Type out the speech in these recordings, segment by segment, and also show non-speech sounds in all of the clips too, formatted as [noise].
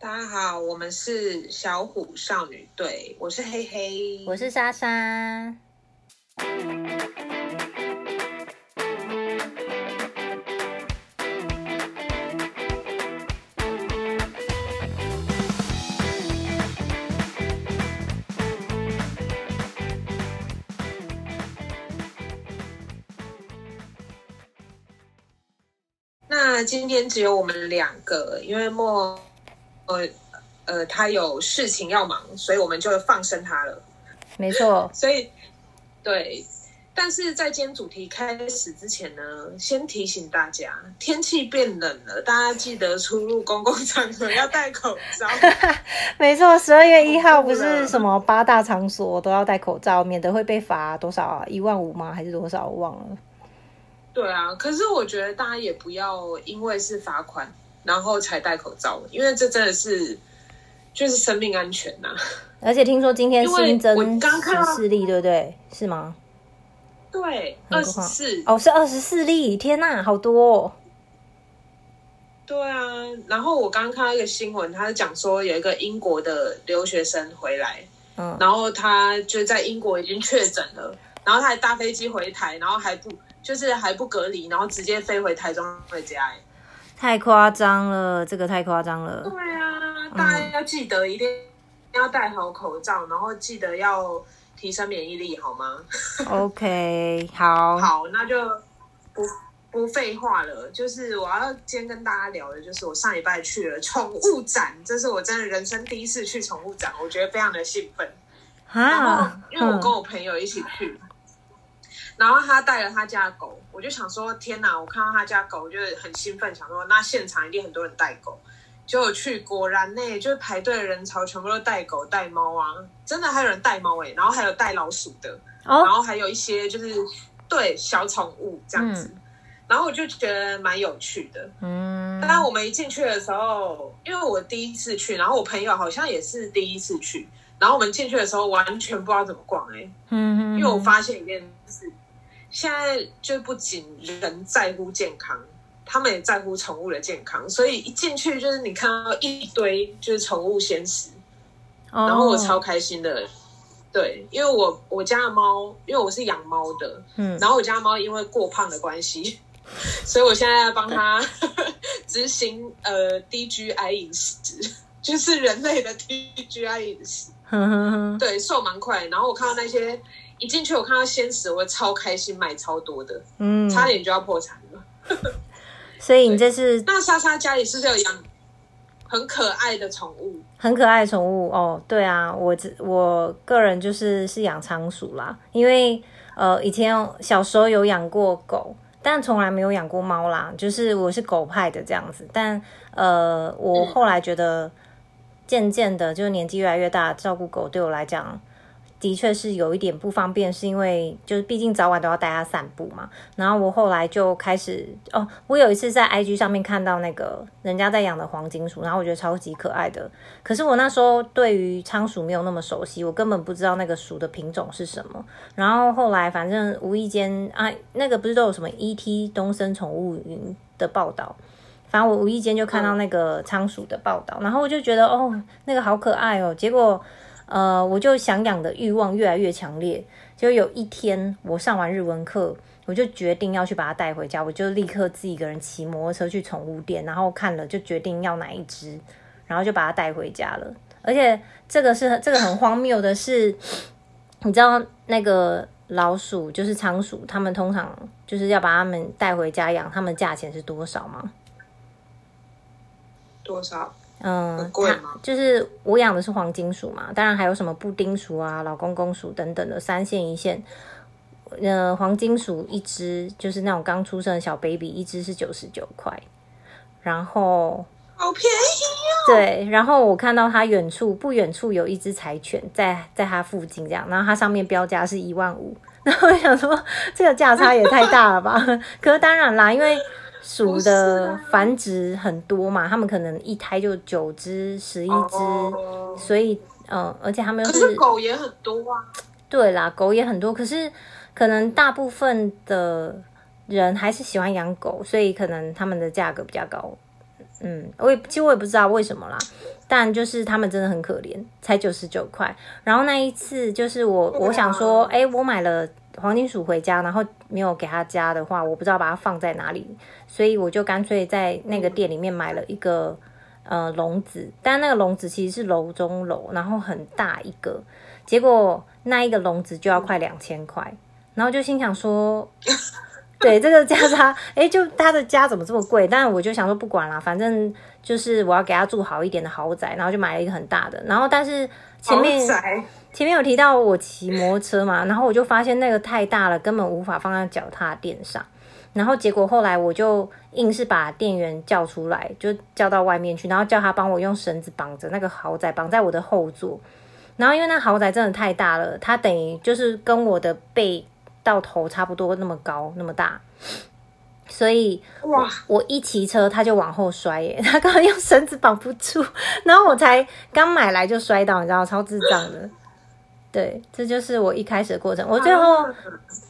大家好，我們是小虎少女隊，我是黑黑，我是莎莎。 [music] 那今天只有我們兩個，因為莫。呃呃，他有事情要忙，所以我們就放生他了。沒錯，所以對，但是在今天主題開始之前呢，先提醒大家，天氣變冷了，大家記得出入公共場所要戴口罩。 [laughs] [laughs] 沒錯，十二月一號不是什麼八大場所都要戴口罩， [laughs] 免得會被罰多少，啊、一萬五嗎？還是多少？我忘了。對啊，可是我覺得大家也不要因為是罰款。然後才戴口罩，因為這真的是就是生命安全吶、啊。而且聽說今天新增十四例，對不對？是嗎？對，二十四哦，是二十四例，天吶，好多、哦。對啊，然後我剛剛看到一個新聞，他講說有一個英國的留學生回來，嗯，然後他就在英國已經確診了，然後他還搭飛機回台，然後還不就是還不隔離，然後直接飛回台中回家。太誇張了，這個太誇張了。對啊，大家要記得一定要戴好口罩，嗯，然後記得要提升免疫力，好嗎？OK，好。好，那就不不廢話了，就是我要先跟大家聊的，就是我上禮拜去了寵物展，這是我真的人生第一次去寵物展，我覺得非常的興奮。啊！因為，我跟我朋友一起去。嗯然後他帶了他家的狗，我就想說天哪！我看到他家狗，我就很興奮，想說那現場一定很多人帶狗。就去，果然呢、欸，就是排隊的人潮全部都帶狗帶貓啊，真的還有人帶貓哎、欸，然後還有帶老鼠的，然後還有一些就是對小寵物這樣子。然後我就覺得蠻有趣的。嗯，當我們一進去的時候，因為我第一次去，然後我朋友好像也是第一次去，然後我們進去的時候完全不知道怎麼逛哎、欸。嗯，因為我發現一件事。現在就不僅人在乎健康，他們也在乎寵物的健康。所以一進去就是你看到一堆就是寵物鮮食，oh. 然後我超開心的。對，因為我我家的貓，因為我是養貓的，嗯，然後我家貓因為過胖的關係，所以我現在要幫他執 [laughs] [laughs] 行呃低 GI 飲食，就是人類的低 GI 飲食， [laughs] 對，瘦蠻快。然後我看到那些。一進去，我看到鮮食，我超開心，買超多的，嗯，差點就要破產了。 [laughs] 所以你這是那莎莎家裡是不是有養很可愛的寵物？很可愛的寵物哦，對啊，我我個人就是是養倉鼠啦，因為呃以前小時候有養過狗，但從來沒有養過貓啦，就是我是狗派的這樣子，但呃我後來覺得漸漸的就年紀越來越大，照顧狗對我來講。的確是有一點不方便，是因為就是畢竟早晚都要帶它散步嘛。然後我後來就開始哦，我有一次在 IG 上面看到那個人家在養的黃金鼠，然後我覺得超級可愛的。可是我那時候對於倉鼠沒有那麼熟悉，我根本不知道那個鼠的品種是什麼。然後後來反正無意間啊，那個不是都有什麼 ET 東森寵物雲的報道，反正我無意間就看到那個倉鼠的報道，然後我就覺得哦，那個好可愛哦，結果。呃，我就想養的慾望越來越強烈。就有一天，我上完日文課，我就決定要去把它帶回家。我就立刻自己一個人騎摩托車去寵物店，然後看了就決定要哪一隻，然後就把它帶回家了。而且這個是這個很荒謬的是，你知道那個老鼠就是倉鼠，他們通常就是要把他們帶回家養，他們價錢是多少嗎？多少？嗯，它就是我養的是黃金鼠嘛，當然還有什麼布丁鼠啊、老公公鼠等等的，三線一線。呃，黃金鼠一只就是那種剛出生的小 baby，一只是九十九塊，然後好便宜哦、喔。對，然後我看到它遠處不遠處有一只柴犬在在它附近這樣，然後它上面標價是一萬五，然後我想說這個價差也太大了吧？ [laughs] 可是當然啦，因為。鼠的繁殖很多嘛、啊，他們可能一胎就九只、十一只，Oh. 所以嗯、呃，而且他們又、就是、是狗也很多啊。對啦，狗也很多，可是可能大部分的人還是喜歡養狗，所以可能他們的價格比較高。嗯，我也其實我也不知道為什麼啦，但就是他們真的很可憐，才九十九塊。然後那一次就是我，Okay. 我想說，哎、欸，我買了。黃金鼠回家，然後沒有給他家的話，我不知道把它放在哪裡，所以我就乾脆在那個店裡面買了一個呃籠子，但那個籠子其實是樓中樓，然後很大一個，結果那一個籠子就要快兩千塊，然後就心想說，對這個家它哎、欸，就他的家怎麼這麼貴？但我就想說不管啦，反正就是我要給他住好一點的豪宅，然後就買了一個很大的，然後但是前面。前面有提到我騎摩托車嘛，然後我就發現那個太大了，根本無法放在腳踏墊上。然後結果後來我就硬是把店員叫出來，就叫到外面去，然後叫他幫我用繩子綁着那個豪宅綁在我的後座。然後因為那豪宅真的太大了，它等於就是跟我的背到頭差不多那麼高那麼大，所以哇，我一騎車它就往後摔耶，它根本用繩子綁不住。然後我才剛買來就摔倒。你知道超智障的。對，這就是我一開始的過程。我最後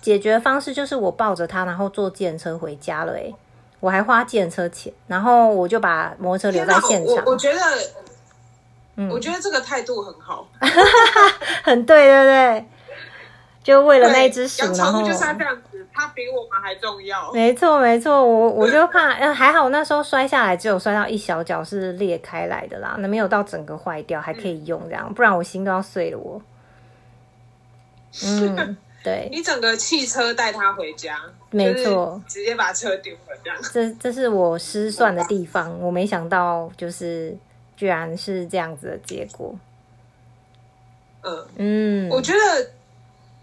解決的方式就是我抱着他，然後坐電車回家了、欸。哎，我還花電車錢，然後我就把摩托車留在現場。我，我覺得，嗯，我覺得這個態度很好， [laughs] 很對，對不對？就為了那只熊，然後就像這樣子，他比我們還重要。 [laughs] 沒錯，沒錯。我我就怕，還好那時候摔下來只有摔到一小腳是裂開來的啦，那沒有到整個壞掉，還可以用這樣，嗯、不然我心都要碎了。我。嗯，對，你整個汽車帶他回家，沒錯，就是、直接把車丟了這樣。這這是我失算的地方，我沒想到，就是居然是這樣子的結果。嗯、呃、嗯，我覺得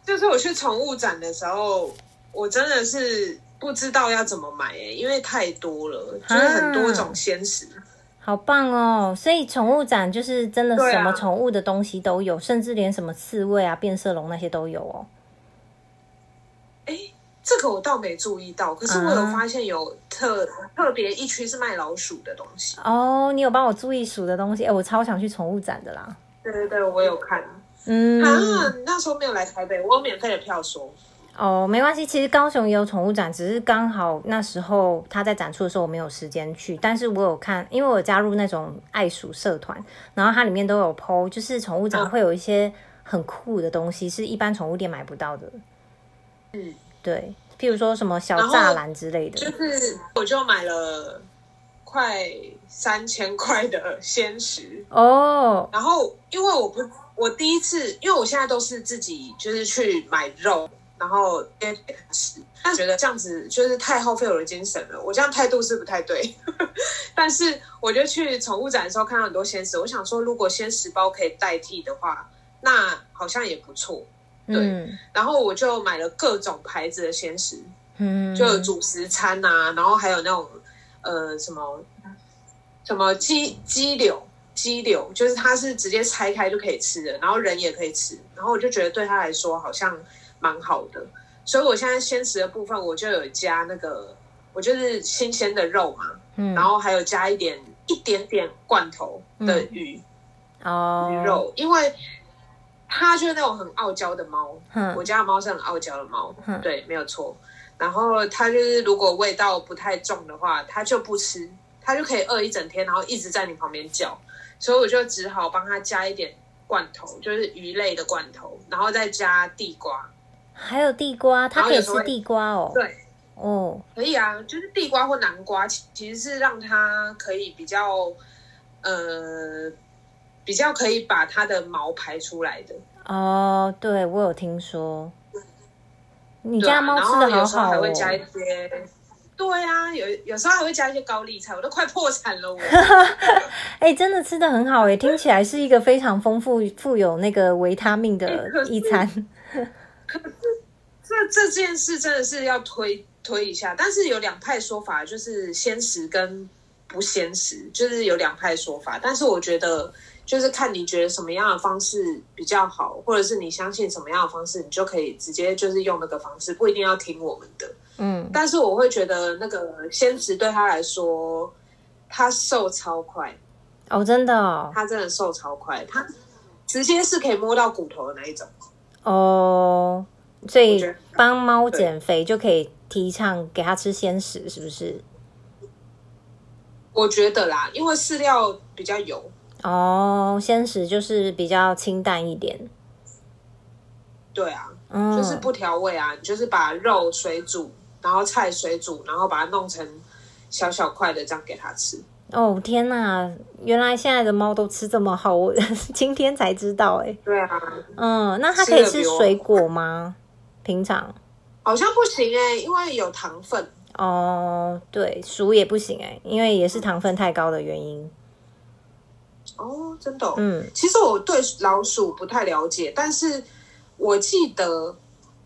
就是我去寵物展的時候，我真的是不知道要怎麼買耶，因為太多了，就是很多種鮮食。啊好棒哦！所以寵物展就是真的什麼寵物的東西都有，啊、甚至連什麼刺蝟啊、變色龍那些都有哦。哎、欸，這個我倒沒注意到，可是我有發現有特、啊、特別一區，是賣老鼠的東西哦。Oh, 你有幫我注意鼠的東西，哎、欸，我超想去寵物展的啦。對對對，我有看，嗯，啊、那時候沒有來台北，我有免費的票數。哦，沒關係。其實高雄也有寵物展，只是剛好那時候他在展出的時候，我沒有時間去。但是我有看，因為我加入那種愛鼠社團，然後它裡面都有 PO，就是寵物展會有一些很酷的東西，啊、是一般寵物店買不到的。嗯，對，譬如說什麼小柵欄之類的。就是我就買了快三千塊的鮮食哦。然後因為我不，我第一次，因為我現在都是自己就是去買肉。然後覺得這樣子就是太耗費我的精神了，我這樣態度是不太對。呵呵，但是我就去寵物展的時候看到很多鮮食，我想說如果鮮食包可以代替的話，那好像也不錯。對，嗯、然後我就買了各種牌子的鮮食，嗯，就有主食餐啊，然後還有那種呃什麼什麼雞雞柳雞柳，就是它是直接拆開就可以吃的，然後人也可以吃。然後我就覺得對他來說好像。蠻好的，所以我現在鮮食的部分我就有加那個，我就是新鮮的肉嘛，嗯，然後還有加一點一點點罐頭的魚哦、嗯、魚肉哦，因為它就是那種很傲嬌的貓，我家的貓是很傲嬌的貓，對，沒有錯。然後它就是如果味道不太重的話，它就不吃，它就可以餓一整天，然後一直在你旁邊叫，所以我就只好幫它加一點罐頭，就是魚類的罐頭，然後再加地瓜。還有地瓜有，它可以吃地瓜哦。對，哦，可以啊，就是地瓜或南瓜，其其實是讓它可以比較，呃，比較可以把它的毛排出來的。哦，對，我有聽說。你家貓吃的好好哦，喔。啊，還會加一些，對啊，有有時候還會加一些高麗菜，我都快破產了我。哎、 [laughs] 欸，真的吃的很好哎，欸，聽起來是一個非常豐富、 [laughs] 富有那個維他命的一餐。一這這這件事真的是要推推一下，但是有兩派說法，就是鮮食跟不鮮食，就是有兩派說法。但是我覺得，就是看你覺得什麼樣的方式比較好，或者是你相信什麼樣的方式，你就可以直接就是用那個方式，不一定要聽我們的。嗯，但是我會覺得那個鮮食對他來說，他瘦超快哦，真的哦，他真的瘦超快，他直接是可以摸到骨頭的那一種。哦，oh，所以幫貓減肥就可以提倡給它吃鮮食，是不是？我覺得啦，因為飼料比較油。哦，鮮食就是比較清淡一點。對啊，嗯，就是不調味啊，嗯，你就是把肉水煮，然後菜水煮，然後把它弄成小小塊的，這樣給它吃。哦，天哪！原來現在的貓都吃這麼好，我今天才知道哎。對啊。嗯，那它可以吃水果嗎？平常？好像不行哎、欸，因為有糖分。哦，對，鼠也不行哎、欸，因為也是糖分太高的原因。哦，真的、哦。嗯。其實我對老鼠不太了解，但是我記得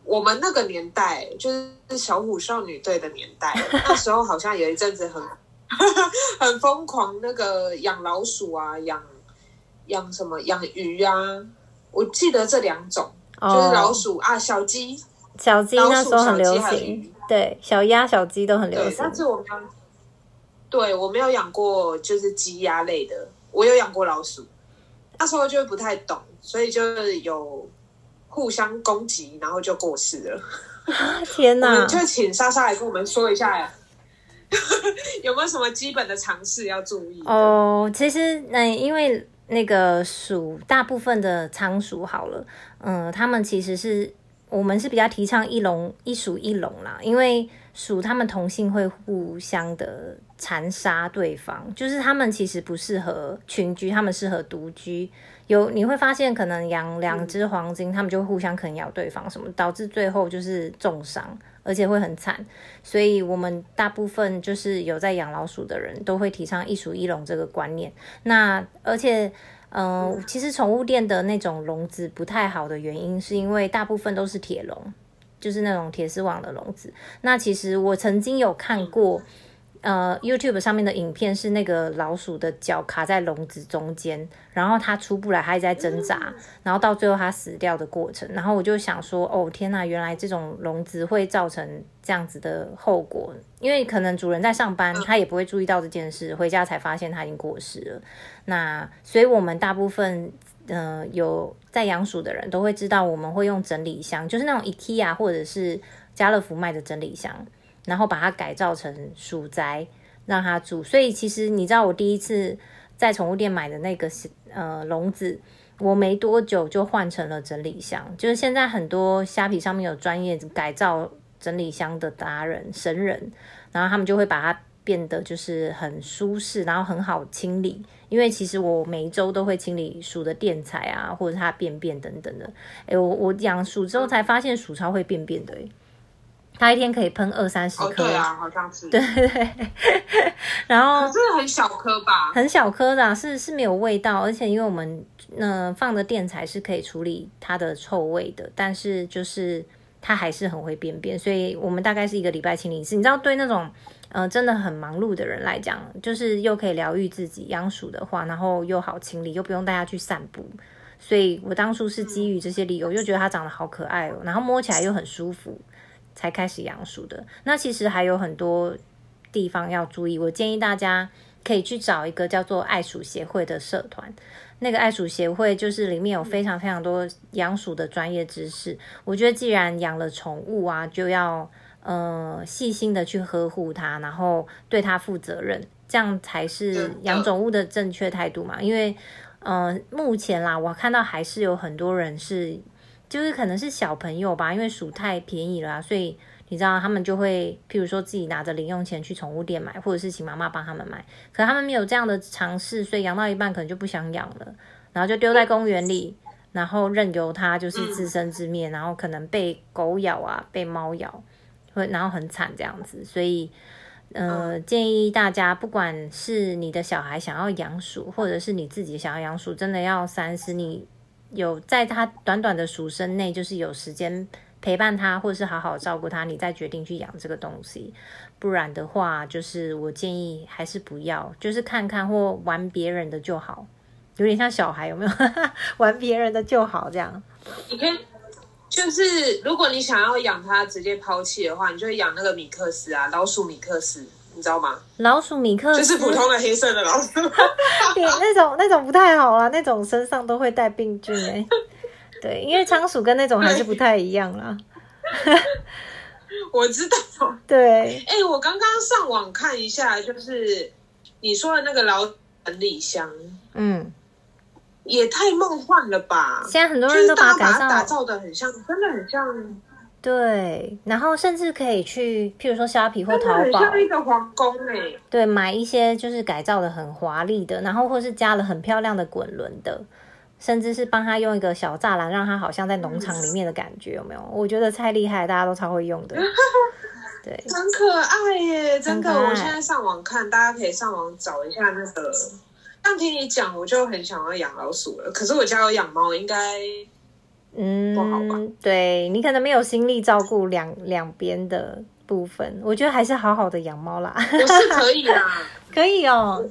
我們那個年代，就是小虎少女隊的年代， [laughs] 那時候好像有一陣子很。 [laughs] 很瘋狂，那個養老鼠啊，養養什麼養魚啊？我記得這兩種，oh, 就是老鼠啊，小雞，小雞那時候很流行，對，小鴨、小雞都很流行。但是我沒有，對我沒有養過，就是雞鴨類的，我有養過老鼠，那時候就不太懂，所以就是有互相攻擊，然後就過世了。 [laughs] 天哪！你就請莎莎來跟我們說一下。 [laughs] 有沒有什麼基本的常識要注意？哦、oh，其實那，嗯、因為那個鼠，大部分的倉鼠好了，嗯，他們其實是我們是比較提倡一籠一鼠一籠啦，因為鼠他們同性會互相的殘殺對方，就是他們其實不適合群居，他們適合獨居。有你會發現，可能養兩隻黃金、嗯，他們就互相啃咬對方什麼，導致最後就是重傷。而且會很慘，所以我們大部分就是有在養老鼠的人都會提倡一鼠一籠這個觀念。那而且，嗯、呃，其實寵物店的那種籠子不太好的原因，是因為大部分都是鐵籠，就是那種鐵絲網的籠子。那其實我曾經有看過。呃，YouTube 上面的影片是那個老鼠的腳卡在籠子中間，然後它出不來，它在掙扎，然後到最後它死掉的過程。然後我就想說，哦天吶，原來這種籠子會造成這樣子的後果，因為可能主人在上班，他也不會注意到這件事，回家才發現它已經過世了。那所以，我們大部分，嗯、呃，有在養鼠的人都會知道，我們會用整理箱，就是那種 IKEA 或者是家樂福賣的整理箱。然後把它改造成鼠宅，讓它住。所以其實你知道，我第一次在寵物店買的那個是呃籠子，我沒多久就換成了整理箱。就是現在很多蝦皮上面有專業改造整理箱的達人神人，然後他們就會把它變得就是很舒適，然後很好清理。因為其實我每一周都會清理鼠的墊材啊，或者是它便便等等的。哎，我我養鼠之後才發現鼠超會便便的。它一天可以噴二三十顆，哦、啊，好像是。對對， [laughs] 然後可是很小顆吧？很小顆的、啊，是是沒有味道，而且因為我們那、呃、放的墊材是可以處理它的臭味的，但是就是它還是很會便便，所以我們大概是一個禮拜清理一次、嗯。你知道，對那種嗯、呃、真的很忙碌的人來講，就是又可以療癒自己，養鼠的話，然後又好清理，又不用大家去散步，所以我當初是基於這些理由，又、嗯、覺得它長得好可愛哦，然後摸起來又很舒服。才開始養鼠的，那其實還有很多地方要注意。我建議大家可以去找一個叫做愛鼠協會的社團，那個愛鼠協會就是裡面有非常非常多養鼠的專業知識。我覺得既然養了寵物啊，就要嗯、呃、細心的去呵護它，然後對它負責任，這樣才是養寵物的正確態度嘛。因為嗯、呃，目前啦，我看到還是有很多人是。就是可能是小朋友吧，因為鼠太便宜了啊，所以你知道他們就會，譬如說自己拿着零用錢去寵物店買，或者是請媽媽幫他們買。可他們沒有這樣的嘗試，所以養到一半可能就不想養了，然後就丟在公園裡，然後任由它就是自生自滅，然後可能被狗咬啊，被貓咬，會然後很慘這樣子。所以，呃、嗯，建議大家，不管是你的小孩想要養鼠，或者是你自己想要養鼠，真的要三思。你。有在他短短的鼠生內，就是有時間陪伴他，或是好好照顧他，你再決定去養這個東西。不然的話，就是我建議還是不要，就是看看或玩別人的就好，有點像小孩有沒有？ [laughs] 玩別人的就好，這樣。你可以，就是如果你想要養它，直接拋棄的話，你就會養那個米克斯啊，老鼠米克斯。你知道嗎？老鼠米克就是普通的黑色的老鼠， [laughs] 那種那種不太好了、啊，那種身上都會帶病菌哎、欸。 [laughs] 對，因為倉鼠跟那種還是不太一樣啦。 [laughs] 我知道，對。哎、欸，我剛剛上網看一下，就是你說的那個老行李箱，嗯，也太夢幻了吧！現在很多人都把它、就是、打造得很像，真的很像。對，然後甚至可以去，譬如說，蝦皮或淘寶。很像一個皇宮欸，對，買一些就是改造的很華麗的，然後或是加了很漂亮的滾輪的，甚至是幫他用一個小柵欄，讓他好像在農場裡面的感覺，有沒有？我覺得太厲害，大家都超會用的。 [laughs] 對，很可愛耶，真的可愛。我現在上網看，大家可以上網找一下那個。剛聽你講，我就很想要養老鼠了。可是我家有養貓，應該。嗯，不好吧。對，你可能沒有心力照顧兩兩邊的部分，我覺得還是好好的養貓啦。 [laughs] 我是可以啦、啊， [laughs] 可以哦。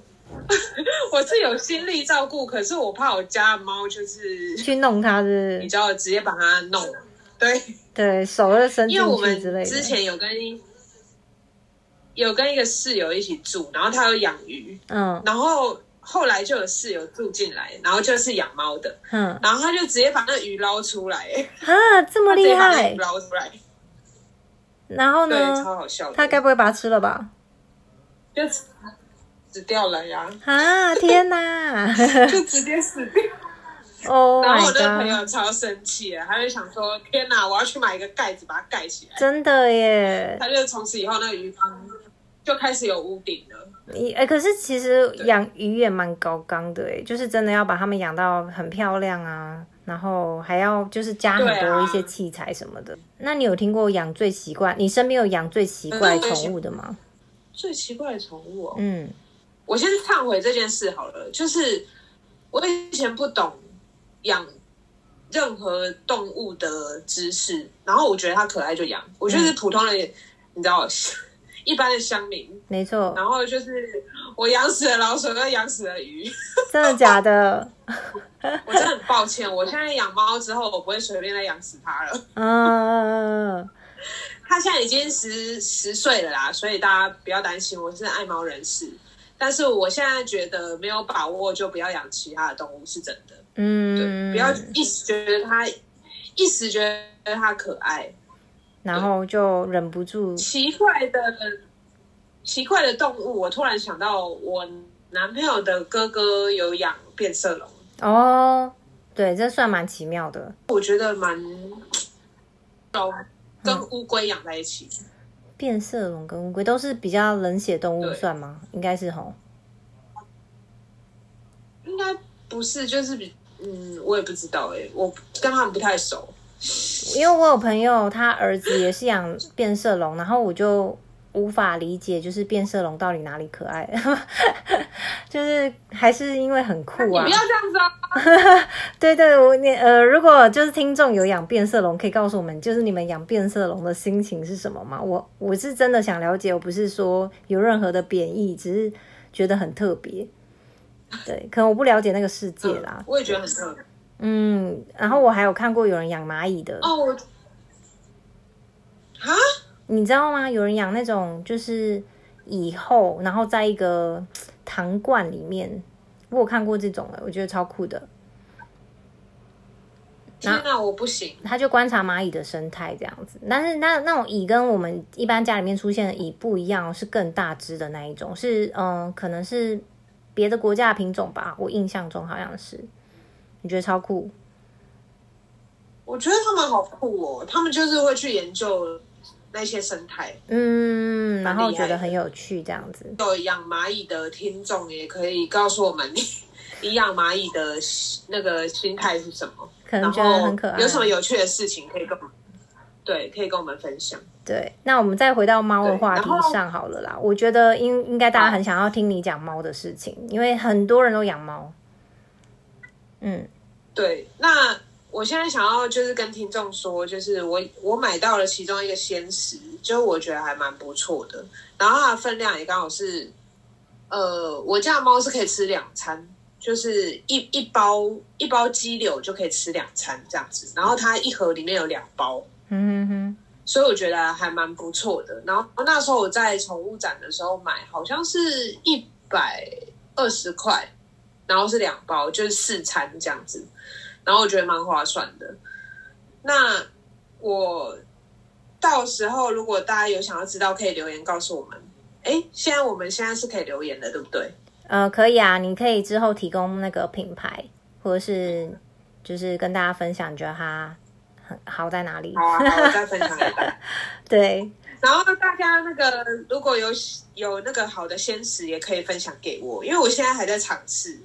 我是有心力照顧，可是我怕我家的貓就是去弄它是，是，你叫我直接把它弄。對對，手要伸進去之類的，因為我們之前有跟有跟一個室友一起住，然後他有養魚，嗯，然後。後來就有室友住進來，然後就是養貓的，嗯、然後他就直接把那魚撈出來，啊，這麼厲害！撈出來，然後呢？超好笑。他該不會把它吃了吧？就死掉了呀！啊，天哪！ [laughs] 就直接死掉。哦、 [laughs] [laughs] oh，然後我那個朋友超生氣，他就想說：天哪，我要去買一個蓋子把它蓋起來。真的耶！他就從此以後那個魚缸。就開始有屋頂了。哎，可是其實養魚也蠻高綱的哎、欸，就是真的要把它們養到很漂亮啊，然後還要就是加很多一些器材什麼的。啊、那你有聽過養最，最奇怪？你身邊有養最奇怪寵物的嗎、嗯？最奇怪的寵物哦、喔，嗯，我先懺悔這件事好了，就是我以前不懂養任何動物的知識，然後我覺得它可愛就養，我覺得普通的、嗯，你知道。一般的鄉民，沒錯。然後就是我養死了老鼠，跟養死了魚。真的假的？我，我真的很抱歉。 [laughs] 我現在養貓之後，我不會隨便再養死它了。嗯、哦哦哦哦哦、它現在已經十十歲了啦，所以大家不要擔心。我是愛貓人士，但是我現在覺得沒有把握，就不要養其他的動物是真的。嗯，不要一時覺得它，一時覺得它可愛。然後就忍不住、嗯、奇怪的奇怪的動物，我突然想到，我男朋友的哥哥有養變色龍哦，對，這算蠻奇妙的。我覺得蠻，跟烏龜養在一起，嗯、變色龍跟烏龜都是比較冷血動物，算嗎？應該是吼，應該不是，就是比嗯，我也不知道哎、欸，我跟他們不太熟。因為我有朋友，他兒子也是養變色龍，然後我就無法理解，就是變色龍到底哪裡可愛？ [laughs] 就是還是因為很酷啊！不要這樣子啊！對對，我你呃，如果就是聽眾有養變色龍，可以告訴我們，就是你們養變色龍的心情是什麼嗎？我我是真的想了解，我不是說有任何的貶義，只是覺得很特別。對，可能我不了解那個世界啦。呃，我也覺得很特別。嗯，然後我還有看過有人養螞蟻的哦。啊、oh, I...，huh? 你知道嗎？有人養那種就是蟻後，然後在一個糖罐裡面，不過我看過這種了，我覺得超酷的。那那我不行！他就觀察螞蟻的生態這樣子，但是那那種蟻跟我們一般家裡面出現的蟻不一樣，是更大隻的那一種，是嗯、呃，可能是別的國家的品種吧，我印象中好像是。你覺得超酷？我覺得他們好酷哦，他們就是會去研究那些生態，嗯，然後覺得很有趣，這樣子。有養螞蟻的聽眾也可以告訴我們，你 [laughs] 養螞蟻的那個心態是什麼？可能覺得很可愛。有什麼有趣的事情可以跟？對，可以跟我們分享。對，那我們再回到貓的話題上好了啦。我覺得應應該大家很想要聽你講貓的事情，啊、因為很多人都養貓。嗯，對，那我現在想要就是跟聽眾說，就是我我買到了其中一個鮮食，就我覺得還蠻不錯的，然後它的分量也剛好是，呃，我家的貓是可以吃兩餐，就是一一包一包雞柳就可以吃兩餐這樣子，然後它一盒裡面有兩包，嗯哼哼，所以我覺得還蠻不錯的。然後那時候我在寵物展的時候買，好像是一百二十塊。然後是兩包，就是四餐這樣子，然後我覺得蠻划算的。那我到時候如果大家有想要知道，可以留言告訴我們。欸，現在我們現在是可以留言的，對不對？呃，可以啊，你可以之後提供那個品牌，或者是就是跟大家分享，你覺得它很好在哪裡？好啊，好，我再分享一半。一 [laughs] 對。然後大家那個如果有有那個好的鮮食，也可以分享給我，因為我現在還在嘗試。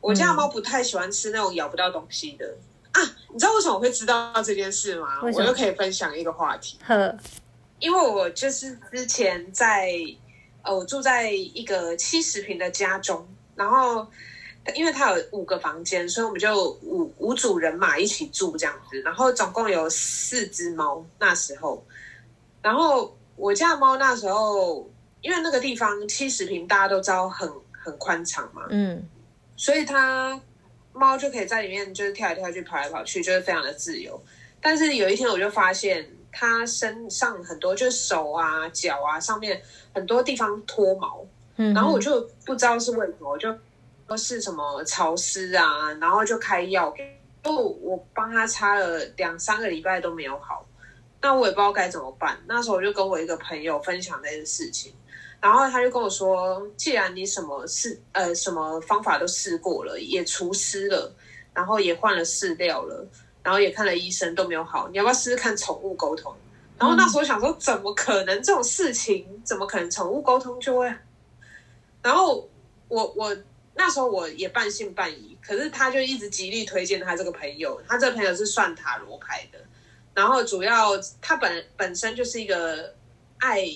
我家貓不太喜歡吃那種咬不到東西的，嗯、啊，你知道為什麼我會知道這件事嗎？我又可以分享一個話題。因為我就是之前在、哦、我住在一個七十平的家中，然後因為它有五個房間，所以我們就五五組人馬一起住這樣子，然後總共有四只貓那時候。然後我家的貓那時候，因為那個地方七十平，大家都知道很很寬敞嘛，嗯，所以它貓就可以在裡面就是跳來跳去、跑來跑去，就是非常的自由。但是有一天我就發現它身上很多，就是手啊、腳啊上面很多地方脫毛，嗯，然後我就不知道是為什麼，就是什麼潮濕啊，然後就開藥，就我幫他擦了兩三個禮拜都沒有好。那我也不知道該怎麼辦。那時候我就跟我一個朋友分享那件事情，然後他就跟我說：“既然你什麼事，呃什麼方法都試過了，也除濕了，然後也換了飼料了，然後也看了醫生都沒有好，你要不要試試看寵物溝通？”然後那時候我想說：“嗯、怎麼可能這種事情？怎麼可能寵物溝通就會、啊？”然後我我那時候我也半信半疑，可是他就一直極力推薦他這個朋友，他這個朋友是算塔羅牌的。然後主要他本本身就是一個愛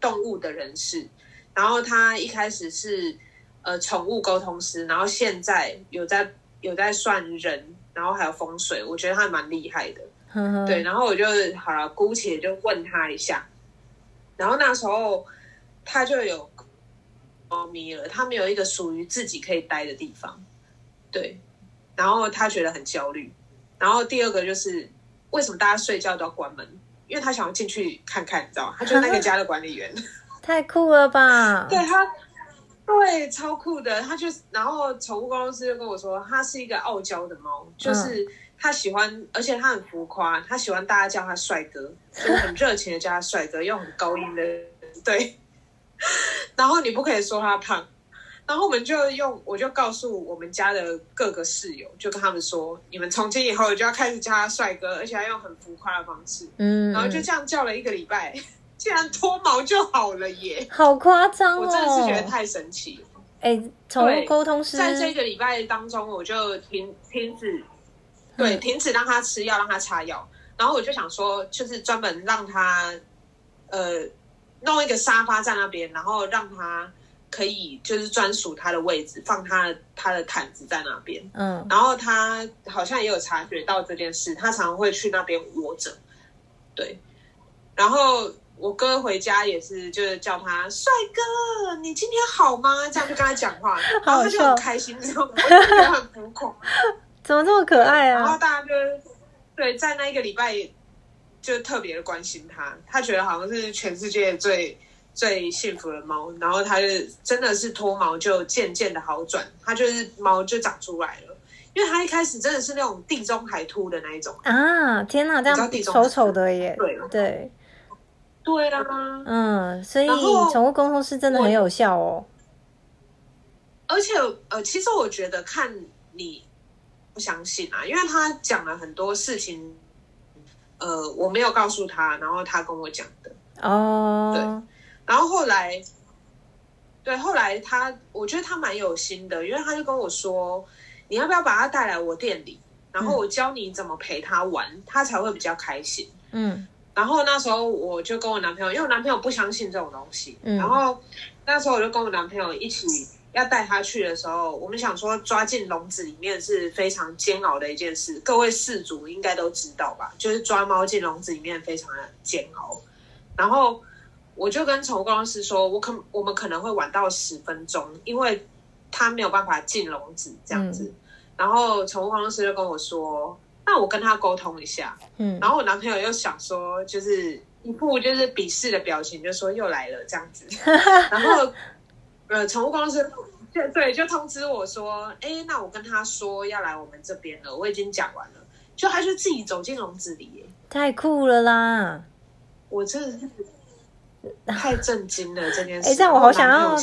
動物的人士，然後他一開始是呃寵物溝通師，然後現在有在有在算人，然後還有風水，我覺得他蠻厲害的。呵呵。對，然後我就好了，姑且就問他一下。然後那時候他就有貓咪了，他沒有一個屬於自己可以待的地方，對，然後他覺得很焦慮。然後第二個就是。為什麼大家睡覺都要關門？因為他想要進去看看，你知道嗎？他就是那個家的管理員。太酷了吧！ [laughs] 對他，對，超酷的。他就是然後寵物溝通師就跟我說，他是一個傲嬌的貓，就是他喜歡，嗯、而且他很浮誇，他喜歡大家叫他帥哥，就很熱情的叫他帥哥，又很高音的，對。 [laughs] 然後你不可以說他胖。然後我們就用，我就告訴我們家的各個室友，就跟他們說，你們從今以後就要開始叫他帥哥，而且要用很浮誇的方式。嗯，然後就這樣叫了一個禮拜，竟然脫毛就好了耶！好誇張，哦，我真的是覺得太神奇。哎，從溝通師，在這個禮拜當中，我就停停止，對，停止讓他吃藥，讓他擦藥，嗯、然後我就想說，就是專門讓他呃弄一個沙發在那邊，然後讓他。可以就是專屬他的位置，放他他的毯子在那邊。嗯，然後他好像也有察覺到這件事，他常常會去那邊窩着。對，然後我哥回家也是，就是叫他 [laughs] 帥哥，你今天好嗎？這樣就跟他講話， [laughs] 笑然後他就很開心，就很古董， [laughs] 怎麼這麼可愛啊？然後大家就對在那一個禮拜就特別的關心他，他覺得好像是全世界最。最幸福的貓，然後它就真的是脫毛，就漸漸的好轉，它就是毛就長出來了。因為它一開始真的是那種地中海禿的那一種啊，啊！天哪，這樣子醜醜的的醜醜的耶！對對對啦、啊。嗯，所以寵物溝通師真的很有效哦。而且呃，其實我覺得看你不相信啊，因為他講了很多事情，呃，我沒有告訴他，然後他跟我講的哦，對。然後後來，對後來他，我覺得他蠻有心的，因為他就跟我說：“你要不要把他帶來我店裡？然後我教你怎麼陪他玩，他才會比較開心。”嗯。然後那時候我就跟我男朋友，因為我男朋友不相信這種東西。嗯。然後那時候我就跟我男朋友一起要帶他去的時候，我們想說抓進籠子裡面是非常煎熬的一件事。各位飼主應該都知道吧？就是抓貓進籠子裡面非常的煎熬。然後。我就跟寵物溝通師說，我可我們可能會晚到十分鐘，因為他沒有辦法進籠子這樣子。嗯、然後寵物溝通師就跟我說：“那我跟他溝通一下。”嗯，然後我男朋友又想說，就是一副就是鄙視的表情，就說又來了這樣子。 [laughs] 然後呃，寵物溝通師就對就通知我說：“哎、欸，那我跟他說要來我們這邊了，我已經講完了。”就他就自己走進籠子裡耶，太酷了啦！我真的是。太震驚了這件事！哎、欸，這樣我好想要，好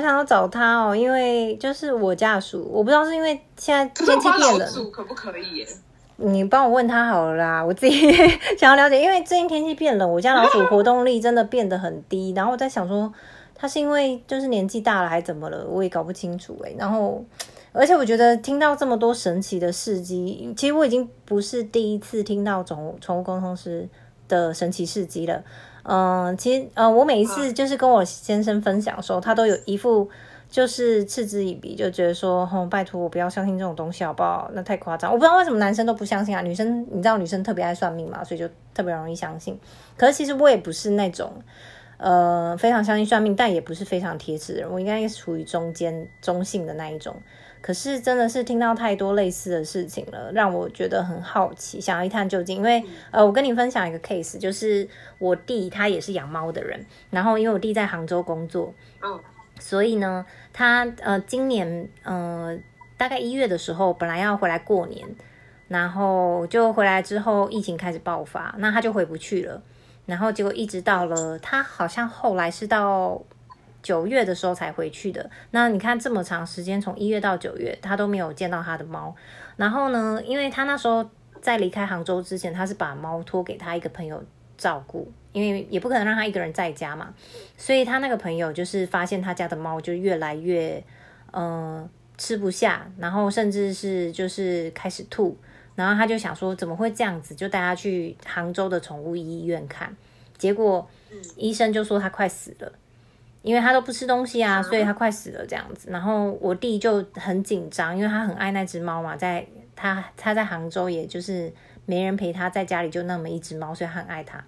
想要找他哦，因為就是我家鼠，我不知道是因為現在天氣變冷，可，我可不可以耶？你幫我問他好了啦，我自己 [laughs] 想要了解，因為最近天氣變冷，我家老鼠活動力真的變得很低。 [laughs] 然後我在想說，它是因為就是年紀大了還怎麼了？我也搞不清楚誒、欸，然後，而且我覺得聽到這麼多神奇的事蹟，其實我已經不是第一次聽到寵寵物溝通師的神奇事蹟了。嗯，其實呃、嗯，我每一次就是跟我先生分享的時候，他都有一副就是嗤之以鼻，就覺得說，哼，拜托我不要相信這種東西好不好？那太誇張。我不知道為什麼男生都不相信啊，女生你知道女生特別愛算命嘛，所以就特別容易相信。可是其實我也不是那種呃非常相信算命，但也不是非常鐵齒的人，我應該屬於中間中性的那一種。可是真的是聽到太多類似的事情了，讓我覺得很好奇，想要一探究竟。因為呃，我跟你分享一個 case，就是我弟他也是養貓的人，然後因為我弟在杭州工作，嗯，所以呢，他呃今年呃大概一月的時候，本來要回來過年，然後就回來之後，疫情開始爆發，那他就回不去了，然後結果一直到了，他好像後來是到。九月的時候才回去的。那你看這麼長時間，從一月到九月，他都沒有見到他的貓。然後呢，因為他那時候在離開杭州之前，他是把貓託給他一個朋友照顧，因為也不可能讓他一個人在家嘛。所以他那個朋友就是發現他家的貓就越來越，嗯、呃，吃不下，然後甚至是就是開始吐。然後他就想說，怎麼會這樣子？就帶他去杭州的寵物醫院看，結果醫生就說他快死了。因為他都不吃東西啊，所以他快死了這樣子。然後我弟就很緊張，因為他很愛那隻貓嘛，在他，他在杭州，也就是沒人陪他在家裡，就那麼一只貓，所以他很愛他。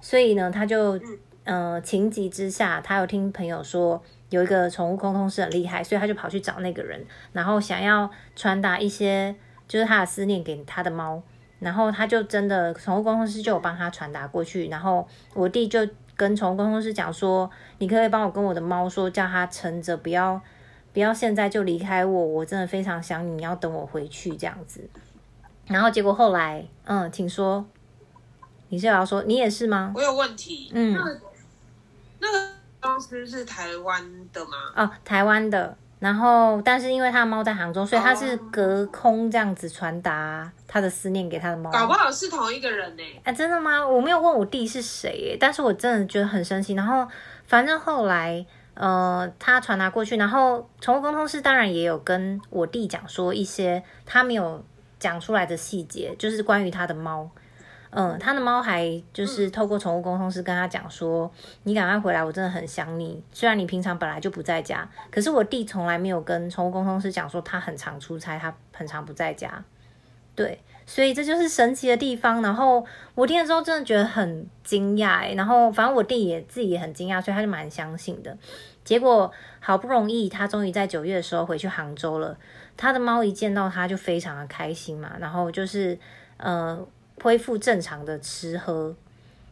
所以呢，他就嗯、呃，情急之下，他有聽朋友說有一個寵物溝通師很厲害，所以他就跑去找那個人，然後想要傳達一些就是他的思念給他的貓。然後他就真的寵物溝通師就有幫他傳達過去，然後我弟就。跟寵物溝通師講說，你可,可以幫我跟我的貓說，叫它撐着，不要，不要現在就離開我。我真的非常想你，你要等我回去這樣子。然後結果後來，嗯，請說，你是要說，你也是嗎？我有問題。嗯，那、那個公司是台灣的嗎？哦，台灣的。然後，但是因為他的貓在杭州，所以他是隔空這樣子傳達他的思念給他的貓。搞不好是同一個人呢？哎，真的嗎？我沒有問我弟是誰耶，但是我真的覺得很生氣。然後，反正後來，呃，他傳達過去，然後寵物溝通師當然也有跟我弟講說一些他沒有講出來的細節，就是關於他的貓。嗯，他的貓還就是透過寵物溝通師跟他講說，你趕快回來，我真的很想你。雖然你平常本來就不在家，可是我弟從來沒有跟寵物溝通師講說他很常出差，他很常不在家。對，所以這就是神奇的地方。然後我聽了之後真的覺得很驚訝，欸，然後反正我弟也自己也很驚訝，所以他就蠻相信的。結果好不容易他終於在九月的時候回去杭州了，他的貓一見到他就非常的開心嘛，然後就是呃。恢復正常的吃喝，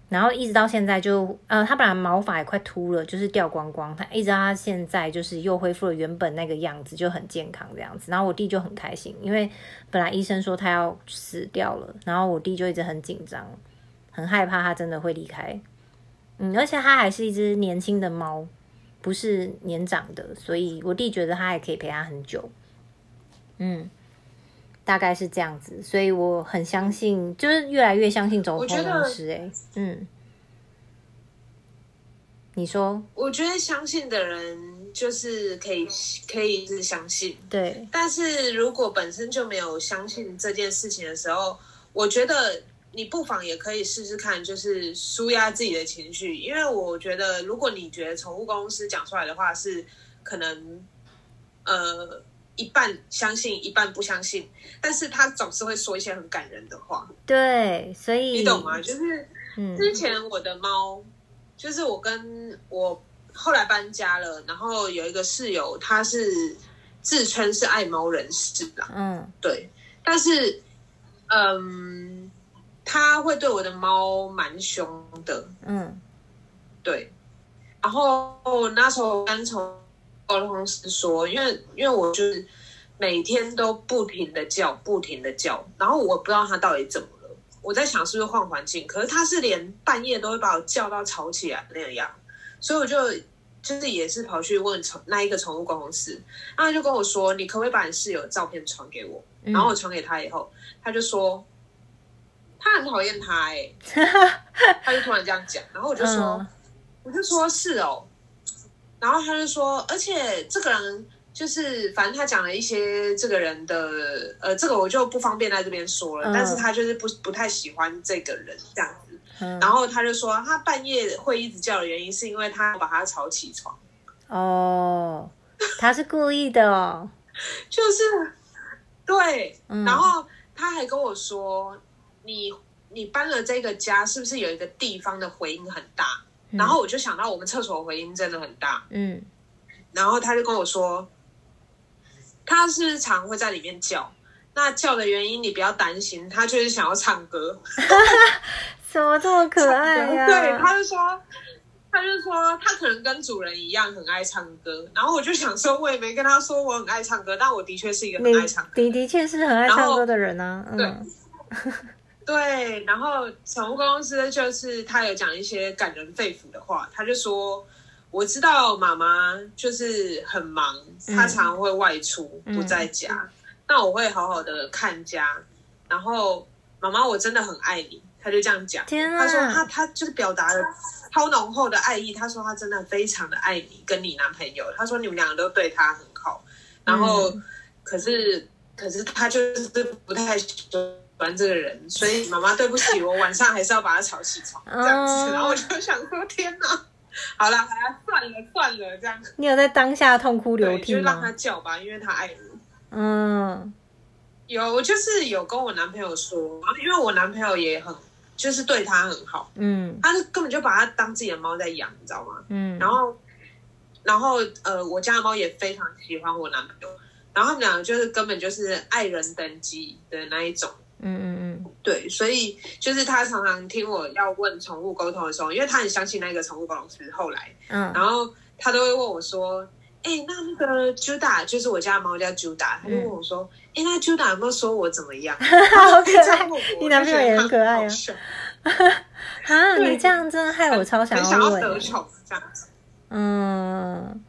然後一直到現在就，呃，它本來毛髮也快禿了，就是掉光光，它一直到他現在就是又恢復了原本那個樣子，就很健康這樣子。然後我弟就很開心，因為本來醫生說他要死掉了，然後我弟就一直很緊張，很害怕他真的會離開。嗯，而且他還是一只年輕的貓，不是年長的，所以我弟覺得他還可以陪他很久。嗯。大概是這樣子，所以我很相信，就是越來越相信走風公司哎，嗯，你說，我覺得相信的人就是可以、嗯、可以一直相信，對，但是如果本身就沒有相信這件事情的時候，我覺得你不妨也可以試試看，就是紓壓自己的情緒，因為我覺得如果你覺得寵物公司講出來的話是可能，呃。一半相信，一半不相信，但是他總是會說一些很感人的話。對，所以你懂嗎？就是，嗯，之前我的貓，就是我跟我後來搬家了，然後有一個室友，他是自稱是愛貓人士啦，嗯，對，但是，嗯，他會對我的貓蠻兇的，嗯，對，然後那時候剛從。辦公室說，因為因為我就是每天都不停的叫，不停的叫，然後我不知道他到底怎麼了。我在想是不是換環境，可是他是連半夜都會把我叫到吵起來那樣，所以我就就是也是跑去問寵那一個寵物公司，然後他就跟我說：“你可不可以把你室友的照片傳給我？”然後我傳給他以後，他就說他很討厭他，誒，他就突然這樣講，然後我就說，嗯、我就說是哦。然後他就說，而且這個人就是，反正他講了一些這個人的，呃，這個我就不方便在這邊說了。嗯、但是他就是不不太喜歡這個人這樣子。嗯、然後他就說，他半夜會一直叫的原因，是因為他把他吵起床。哦，他是故意的哦。 [laughs] 就是對、嗯，然後他還跟我說，你你搬了這個家，是不是有一個地方的回音很大？然後我就想到我們廁所的回音真的很大，嗯，然後他就跟我說，他時常會在裡面叫，那叫的原因你不要擔心，他就是想要唱歌，怎 [laughs] 麼這麼可愛？啊，對，他就說，他就說他可能跟主人一樣很愛唱歌，然後我就想說，我也沒跟他說我很愛唱歌，但我的確是一個很愛唱歌的，你你的確是很愛唱歌的人啊，對 [laughs] 對，然後寵物公司就是他有講一些感人肺腑的話，他就說：“我知道媽媽就是很忙，她常常會外出，嗯、不在家、嗯，那我會好好的看家。然後媽媽，我真的很愛你。”他就這樣講，天哪！他說他他就是表達了超濃厚的愛意。他說他真的非常的愛你，跟你男朋友，他說你們兩個都對他很好。然後，嗯、可是可是他就是不太。喜歡這個人，所以媽媽對不起，我晚上還是要把它吵起床這， [laughs] 這樣子。然後我就想說：“天哪，好了，好了，算了算了。”這樣。你有在當下痛哭流涕嗎？就讓他叫吧，因為他愛我。嗯，有，我就是有跟我男朋友說，因為我男朋友也很，就是對他很好。嗯，他是根本就把他當自己的貓在養，你知道嗎？嗯，然後，然後，呃，我家的貓也非常喜歡我男朋友，然後他們兩個就是根本就是愛人等級的那一種。嗯嗯嗯，對，所以就是他常常聽我要問寵物溝通的時候，因為他很相信那個寵物溝通師，後來，嗯，然後他都會問我說：“哎、欸，那那個朱達，就是我家的貓叫朱達，Juda, 他就問我說：‘哎、嗯欸，那朱達有沒有說我怎麼樣？’” [laughs] 好可愛，啊、 [laughs] 你男朋友也很可愛啊！啊， [laughs] [laughs] 你這樣真的害我超想要問，很很想要得寵這樣子。嗯，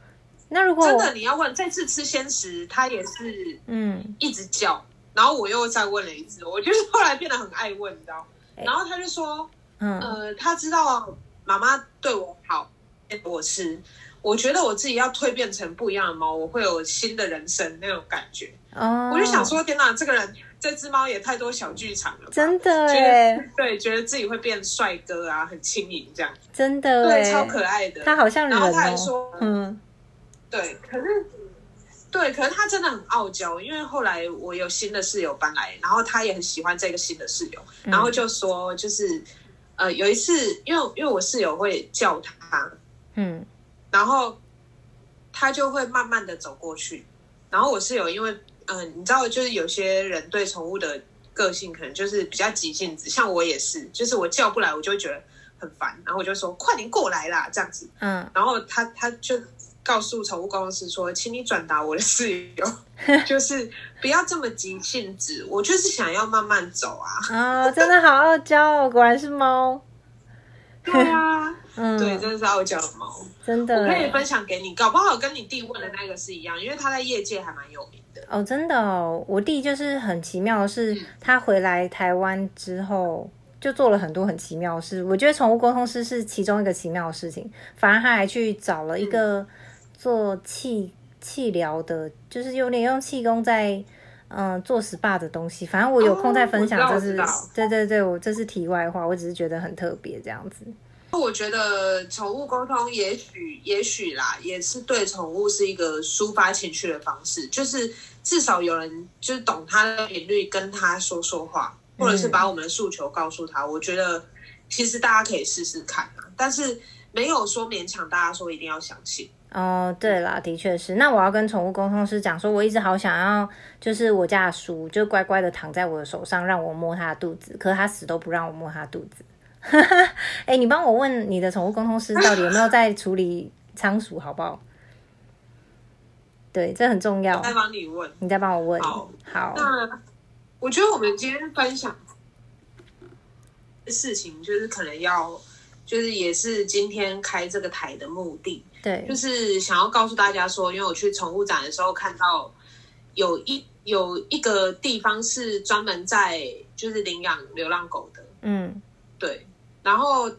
那如果真的你要問，再次吃鮮食，他也是嗯一直叫。嗯然後我又再問了一次，我就是後來變得很愛問，你知道？然後他就說，嗯，呃，他知道媽媽對我好，我是我覺得我自己要蛻變成不一樣的貓，我會有新的人生那種感覺。哦、oh.，我就想說，天哪，這個人這隻貓也太多小劇場了，真的，覺得對，覺得自己會變帥哥啊，很輕盈這樣，真的，對，超可愛的。他好像、哦，然後他還說，嗯，對，可是。對，可能他真的很傲嬌，因為後來我有新的室友搬來，然後他也很喜歡這個新的室友，然後就說就是，呃，有一次，因為因為我室友會叫他，嗯，然後他就會慢慢的走過去，然後我室友因為，嗯、呃，你知道，就是有些人對寵物的個性可能就是比較急性子，像我也是，就是我叫不來，我就會覺得很煩，然後我就說快點過來啦，這樣子，嗯，然後他他就。告訴寵物溝通師說：“請你轉達我的室友， [laughs] 就是不要這麼急性子，我就是想要慢慢走啊。哦”啊，真的好傲嬌哦！ [laughs] 果然是貓。對啊，嗯，對，真的是傲嬌的貓。真的，我可以分享給你，搞不好跟你弟問的那個是一樣，因為他在業界還蠻有名的哦。真的哦，我弟就是很奇妙的是，嗯、他回來台灣之後就做了很多很奇妙的事。我覺得寵物溝通師是其中一個奇妙的事情，反而他還去找了一個、嗯。做氣氣療的，就是有點用氣功在，嗯、呃，做 SPA 的東西。反正我有空再分享，就、哦、是對對對，我這是題外話。我只是覺得很特別這樣子。我覺得寵物溝通，也許也許啦，也是對寵物是一個抒發情緒的方式。就是至少有人就是懂他的頻率，跟他說說話、嗯，或者是把我們的訴求告訴他。我覺得其實大家可以試試看啊，但是沒有說勉強大家說一定要相信。哦，對了，的確是。那我要跟寵物溝通師講說，我一直好想要，就是我家的鼠就乖乖的躺在我的手上，讓我摸它的肚子，可是它死都不讓我摸它的肚子。哈哈，哎，你幫我問你的寵物溝通師到底有沒有在處理倉鼠，好不好？ [laughs] 對，這很重要。我再幫你問，你再幫我問。好，好，那我覺得我們今天分享的事情，就是可能要。就是也是今天開這個台的目的，對，就是想要告訴大家說，因為我去寵物展的時候看到，有一有一個地方是專門在就是領養流浪狗的，嗯，對，然後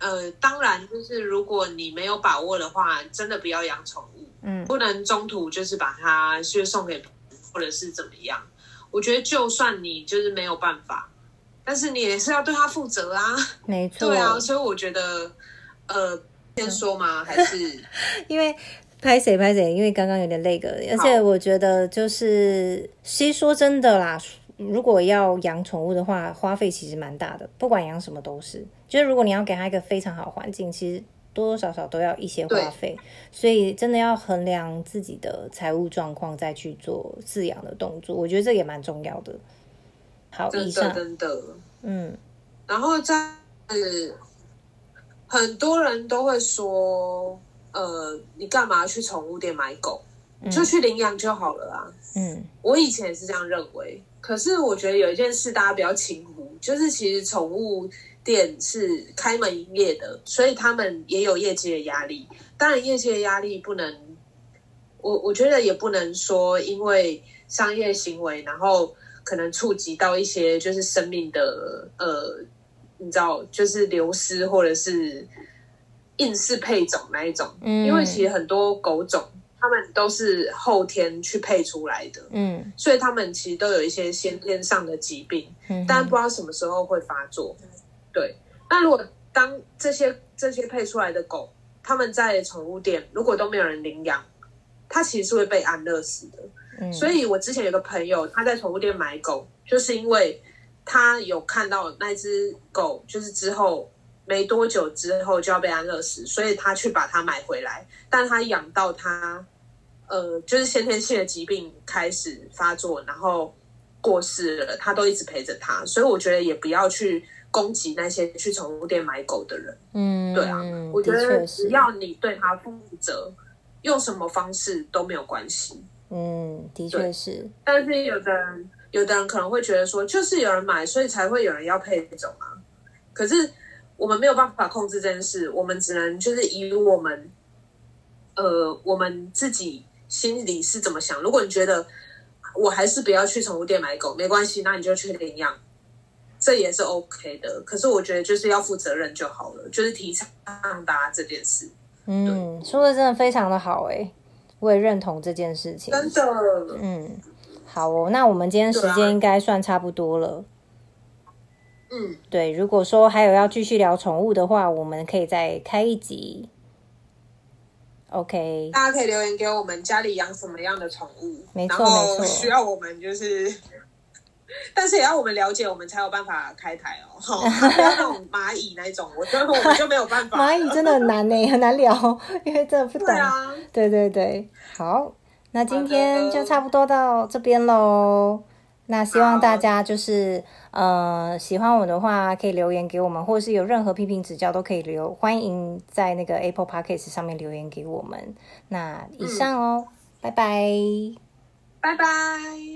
呃，當然就是如果你沒有把握的話，真的不要養寵物，嗯，不能中途就是把它去送給或者是怎麼樣，我覺得就算你就是沒有辦法。但是你也是要對它負責啊，沒錯，對啊，所以我覺得，呃，先說嘛，還是 [laughs] 因為抱歉抱歉，因為剛剛有點累格，而且我覺得就是，其實說真的啦，如果要養寵物的話，花費其實蠻大的，不管養什麼都是。就是如果你要給它一個非常好的環境，其實多多少少都要一些花費。所以真的要衡量自己的財務狀況，再去做飼養的動作，我覺得這也蠻重要的。真的真的，嗯，然後在很多人都會說，呃，你幹嘛去寵物店買狗？就去領養就好了啊。嗯，我以前是這樣認為。可是我覺得有一件事大家比較輕忽，就是其實寵物店是開門營業的，所以他們也有業績的壓力。當然，業績的壓力不能，我我覺得也不能說因為商業行為，然後。可能觸及到一些就是生命的呃，你知道，就是流失或者是硬式配種那一種，嗯，因為其實很多狗種它們都是後天去配出來的，嗯，所以它們其實都有一些先天上的疾病，嗯，但不知道什麼時候會發作，嗯，對。那如果當這些這些配出來的狗，他們在寵物店如果都沒有人領養，它其實是會被安樂死的。嗯，所以，我之前有個朋友，他在寵物店買狗，就是因為他有看到那隻狗，就是之後沒多久之後就要被安樂死，所以他去把它買回來。但他養到他，呃，就是先天性的疾病開始發作，然後過世了，他都一直陪着他。所以我覺得也不要去攻擊那些去寵物店買狗的人。嗯，對啊，我覺得只要你對他負責，嗯，用什麼方式都沒有關係。嗯，的確是。但是有的人，有的人可能會覺得說，就是有人買，所以才會有人要配種啊。可是我們沒有辦法控制這件事，我們只能就是以我們，呃，我們自己心裡是怎麼想。如果你覺得我還是不要去寵物店買狗，沒關係，那你就去領養，這也是 OK 的。可是我覺得就是要負責任就好了，就是提倡大家這件事。嗯，說的真的非常的好哎、欸。我也認同這件事情。真的。嗯，好哦，那我們今天時間應該算差不多了，啊。嗯，對。如果說還有要繼續聊寵物的話，我們可以再開一集。OK。大家可以留言給我們家裡養什麼樣的寵物，沒錯，沒錯。然後需要我們就是。但是也要我們了解，我們才有辦法開台哦。好， [laughs] 不要那種螞蟻那種，我覺得我們就沒有辦法。螞 [laughs] 蟻真的很難呢、欸，很難聊，因為真的不懂，對、啊。對對對，好，那今天就差不多到這邊嘍。那希望大家就是，呃，喜歡我的話可以留言給我們，或者是有任何批評指教都可以留，歡迎在那個 Apple Podcast 上面留言給我們。那以上哦，拜、嗯、拜，拜拜。Bye bye